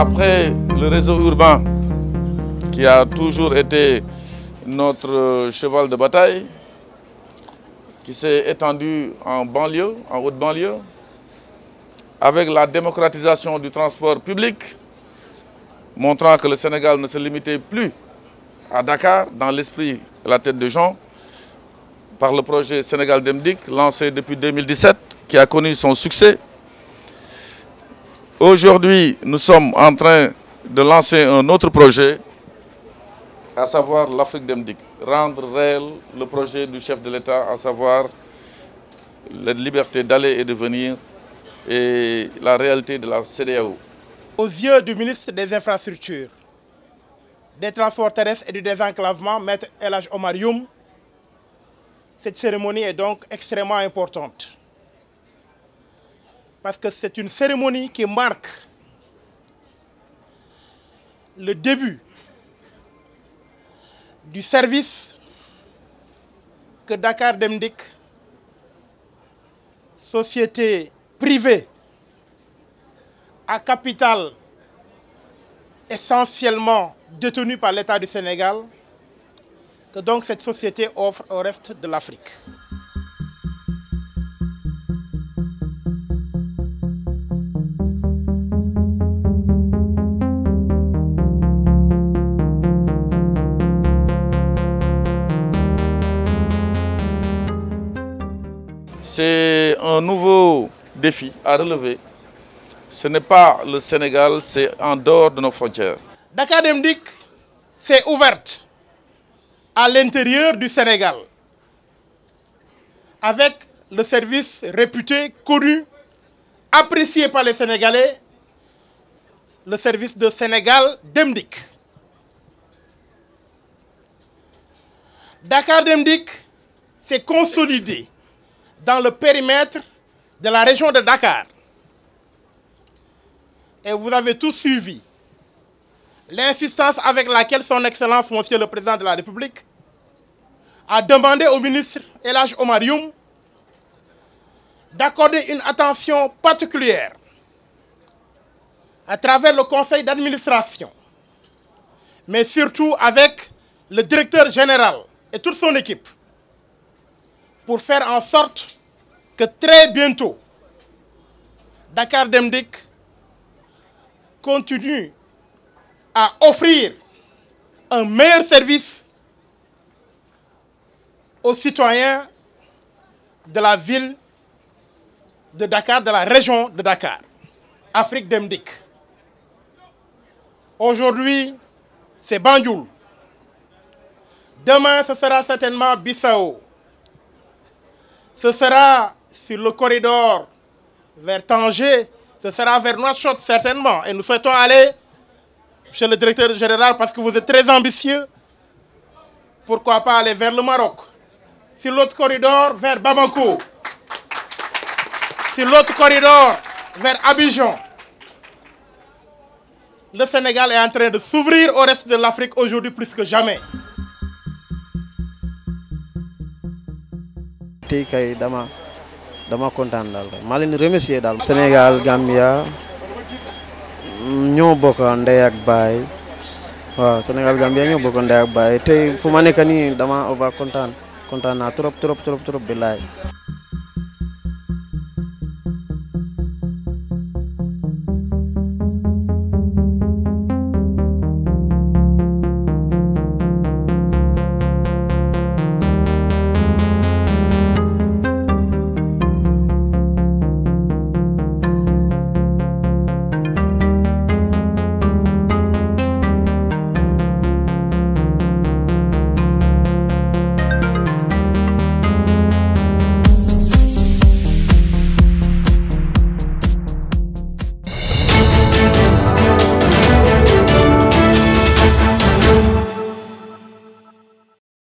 Après le réseau urbain, qui a toujours été notre euh, cheval de bataille, qui s'est étendu en banlieue, en haute banlieue, avec la démocratisation du transport public, montrant que le Sénégal ne se limitait plus à Dakar, dans l'esprit et la tête de gens, par le projet Sénégal Demdik, lancé depuis 2017, qui a connu son succès, Aujourd'hui, nous sommes en train de lancer un autre projet, à savoir l'Afrique d'Emdic, rendre réel le projet du chef de l'État, à savoir la liberté d'aller et de venir et la réalité de la CDAO. Aux yeux du ministre des Infrastructures, des Transports terrestres et du désenclavement, Maître Omar Youm, cette cérémonie est donc extrêmement importante parce que c'est une cérémonie qui marque le début du service que Dakar Demdik, société privée à capital essentiellement détenu par l'État du Sénégal, que donc cette société offre au reste de l'Afrique. C'est un nouveau défi à relever. Ce n'est pas le Sénégal, c'est en dehors de nos frontières. Dakar Demdik s'est ouverte à l'intérieur du Sénégal avec le service réputé, connu, apprécié par les Sénégalais, le service de Sénégal Demdik. Dakar Demdik s'est consolidé dans le périmètre de la région de Dakar. Et vous avez tous suivi l'insistance avec laquelle son Excellence, Monsieur le Président de la République, a demandé au ministre Elage Omarium d'accorder une attention particulière à travers le conseil d'administration, mais surtout avec le directeur général et toute son équipe, pour faire en sorte que très bientôt, Dakar Demdik continue à offrir un meilleur service aux citoyens de la ville de Dakar, de la région de Dakar, Afrique Demdik. Aujourd'hui, c'est Banjul. Demain, ce sera certainement Bissau ce sera sur le corridor vers Tanger, ce sera vers Noachot certainement. Et nous souhaitons aller chez le directeur général parce que vous êtes très ambitieux. Pourquoi pas aller vers le Maroc Sur l'autre corridor, vers Bamako. Sur l'autre corridor, vers Abidjan. Le Sénégal est en train de s'ouvrir au reste de l'Afrique aujourd'hui plus que jamais. tey kay dama dama kontaan daal rek maa leen remercier daal. Sénégal Gambia mm, ñoo bokk ndey ak baay waaw Sénégal Gambia ñoo bokk ndey baay tey fu ma nekk nii dama over kontaan kontaan naa trop trop trop trop billaay